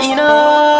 enough